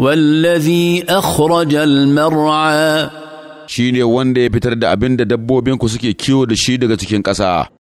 wallazi أخرج المرعى shine wanda ya fitar da abin da dabbobinku suke kiwo da shi daga cikin ƙasa